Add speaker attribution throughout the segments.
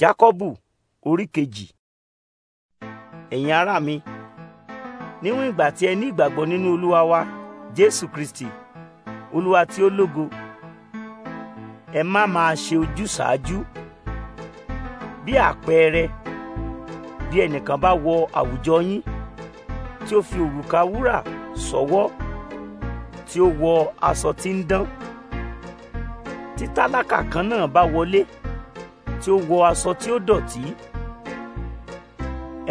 Speaker 1: Jakobu, orí kejì ẹ̀yin ará mi níwọ̀n ìgbà tí ẹ ní ìgbàgbọ́ nínú olúwa wa jésù kristi olúwa tí ó lógo ẹ má máa ṣe ojúsàájú bí àpẹẹrẹ bí ẹnìkan bá wọ àwùjọ yín tí ó fi òrùka wúrà sọ́wọ́ tí ó wọ aṣọ tí ń dán tí kan náà bá wọlé tí ó wọ aṣọ tí ó dọ̀tí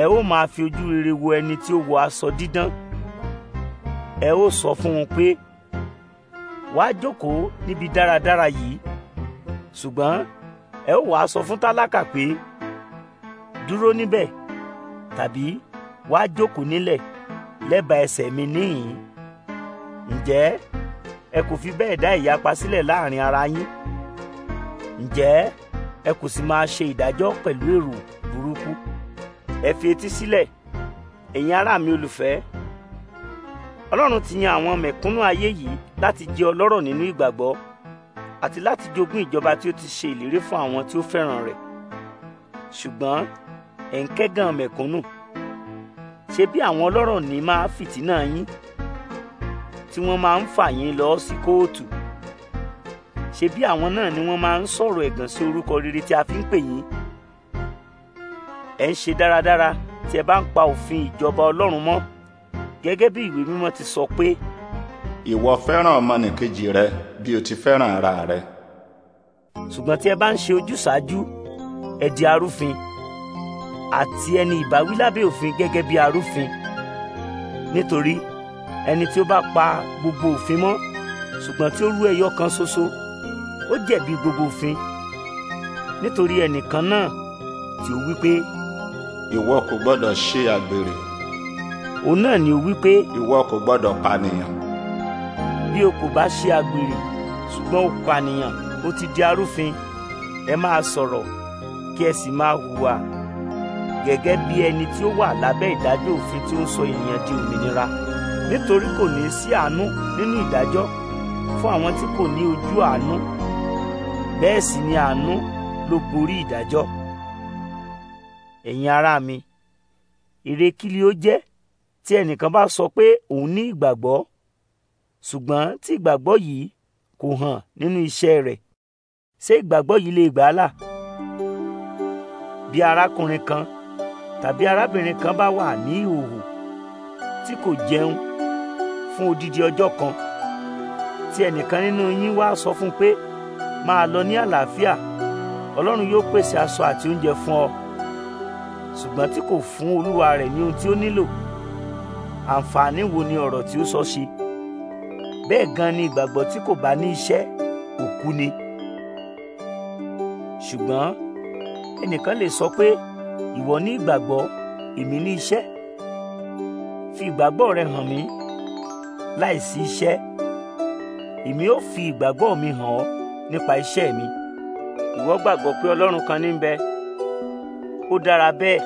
Speaker 1: ẹ ó máa fi ojú rere wo ẹni tí ó wọ aṣọ dídán ẹ ó sọ fún un pé wá jókòó níbi dáradára yìí ṣùgbọ́n ẹ ó wàá sọ fún tálákà pé dúró níbẹ̀ tàbí wá jókòó nílẹ̀ lẹ́bàá ẹsẹ̀ mi níhìn-ín ǹjẹ́ ẹ kò fi bẹ́ẹ̀ dá ìyapa sílẹ̀ láàrin ara yín ǹjẹ́ ẹ kò sì máa ṣe ìdájọ́ pẹ̀lú èrò burúkú ẹ fi etí sílẹ̀ ẹ̀yin ará mi olùfẹ́ ọlọ́run ti yan àwọn mẹ̀kúnnù ayé yìí láti jẹ́ ọlọ́rọ̀ nínú ìgbàgbọ́ àti láti jogún ìjọba tí ó ti ṣe ìlérí fún àwọn tí ó fẹ́ràn rẹ̀ ṣùgbọ́n ẹ̀ ń kẹ́gàn mẹ̀kúnnù ṣe bí àwọn ọlọ́rọ̀ ní máa fìtínà yín tí wọ́n máa ń fà yín lọ sí kóòtù ṣebí àwọn náà ni wọ́n máa ń sọ̀rọ̀ ẹ̀gàn sí orúkọ rere tí a fi ń pè yín ẹ ń ṣe dáradára tí ẹ bá ń pa òfin ìjọba ọlọ́run mọ́ gẹ́gẹ́ bí ìwé mímọ́ ti sọ pé. ìwọ fẹ́ràn ọmọnìkejì rẹ bí o ti fẹ́ràn ara rẹ. ṣùgbọ́n tí ẹ bá ń ṣe ojúsàájú ẹ di arúfin àti ẹni ìbáwí lábẹ́ òfin gẹ́gẹ́ bí arúfin nítorí ẹni tí ó bá pa gbogbo òfin mọ́ ṣùgbọ́n tí ó rú ẹyọ kan ṣoṣo ó jẹ̀bi gbogbo òfin nítorí ẹnìkan náà tí ó wí pé. ìwọ kò gbọ́dọ̀ ṣe àgbèrè. òun náà ni ó wí pé. ìwọ kò gbọ́dọ̀ pànìyàn. bí o kò bá ṣe àgbèrè ṣùgbọ́n o pànìyàn o ti di arúfin ẹ máa sọ̀rọ̀ kí ẹ sì máa hùwà gẹ́gẹ́ bí ẹni tí ó wà lábẹ́ ìdájọ́ òfin tí ó ń sọ ènìyàn di òmìnira nítorí kò ní sí àánú nínú ìdájọ́ fún àwọn tí kò ní ojú àánú bẹ́ẹ̀ sì ni àánú ló borí ìdájọ́ ẹ̀yin ará mi èrè kí li ó jẹ́ tí ẹnìkan bá sọ pé òun ní ìgbàgbọ́ ṣùgbọ́n tí ìgbàgbọ́ yìí kò hàn nínú iṣẹ́ rẹ̀ ṣé ìgbàgbọ́ yìí lè gbà á là bí arákùnrin kan tàbí arábìnrin kan bá wà ní ìhòòhò tí kò jẹun fún odidi ọjọ́ kan tí ẹnìkan nínú yín wá sọ fún pé máa lọ ní àlàáfíà ọlọ́run yóò pèsè aṣọ àti oúnjẹ fún ọ ṣùgbọ́n tí kò fún olúwa rẹ̀ ní ohun tí ó nílò àǹfààní wo ni ọ̀rọ̀ tí ó sọ ṣe bẹ́ẹ̀ gan ni ìgbàgbọ́ tí kò bá ní iṣẹ́ òkú ni ṣùgbọ́n ẹnìkan lè sọ pé ìwọ ní ìgbàgbọ́ èmi ní iṣẹ́ fi ìgbàgbọ́ rẹ hàn mí láìsí iṣẹ́ èmi ó fi ìgbàgbọ́ mi hàn ọ́ nípa iṣẹ́ mi ìwọ gbàgbọ́ pé ọlọ́run kan ní ń bẹ ó dára bẹ́ẹ̀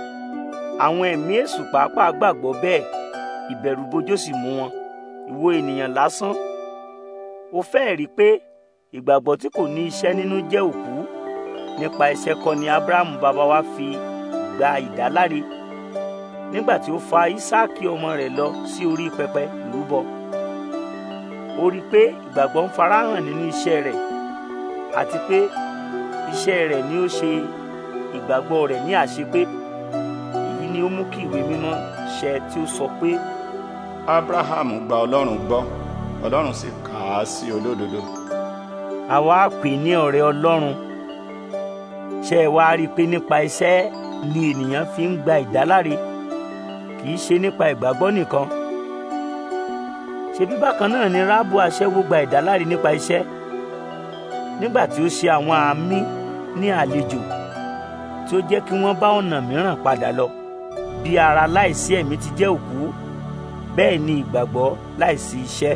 Speaker 1: àwọn ẹ̀mí èṣù pàápàá gbàgbọ́ bẹ́ẹ̀ ìbẹ̀rùbojo sì mú wọn ìwọ ènìyàn lásán ó fẹ́ẹ̀ rí pé ìgbàgbọ́ tí kò ní iṣẹ́ nínú jẹ́ òkú nípa iṣẹ́ kọ́ ni abrahamu bàbá wa fi gba ìdáláre nígbà tí ó fa isaaki ọmọ rẹ̀ lọ sí orí pẹpẹ ìrúbọ ó rí i pé ìgbàgbọ́ ń farahàn nínú iṣẹ́ rẹ̀ àti pé iṣẹ́ rẹ̀ ni ó ṣe ìgbàgbọ́ rẹ̀ ní àṣepé èyí ni ó mú kí ìwé mímọ́ ṣẹ tí ó sọ pé. Abraham gba Ọlọ́run gbọ́ Ọlọ́run sì kà á sí olódodo. àwa pè ní ọ̀rẹ́ Ọlọ́run ṣe é wá rí i pé nípa iṣẹ́ ni ènìyàn fi ń gba ìdáláre kì í ṣe nípa ìgbàgbọ́ nìkan ṣebí bákan náà ni rábù aṣẹ́wó gba ìdáláre nípa iṣẹ́ nígbà tí ó ṣe àwọn àmì ní àlejò tí ó jẹ́ kí wọ́n bá ọ̀nà mìíràn padà lọ bí ara láìsí ẹ̀mí ti jẹ́ òkú bẹ́ẹ̀ ni ìgbàgbọ́ láìsí iṣẹ́